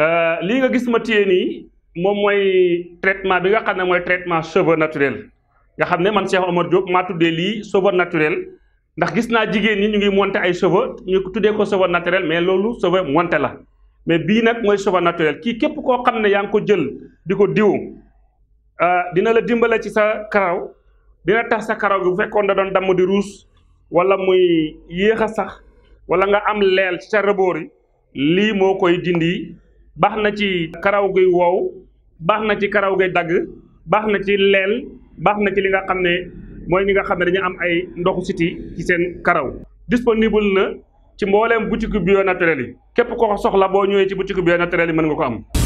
Euh, lii nga gis ma téye nii moom mooy traitement bi nga xam ne mooy traitement cheveux naturel nga xam ne man Cheikh Omar Diop maa tuddee lii cheveux naturel ndax gis naa jigéen ñi ñu ngi monter ay cheveux ñu tuddee ko cheveux naturel mais loolu cheveux monter la mais bii nag mooy cheveux naturel kii képp koo xam ne yaa ngi ko jël di ko diw euh, dina la dimbale ci sa karaw dina tax sa karaw bu fekkoon da doon damm di ruus walla muy yéex a sax wala nga am leel ci sa reboor yi lii moo koy dindi. baax na ci karaw guy wow baax na ci karaw guy dagg baax na ci leel baax na ci li nga xam ne mooy ñi nga xam ne dañu am ay ndoxu siti ci seen karaw disponible na ci mbooleem boutique bio naturel yi képp ko soxla boo ñëwee ci boutique bio naturel yi mën nga ko am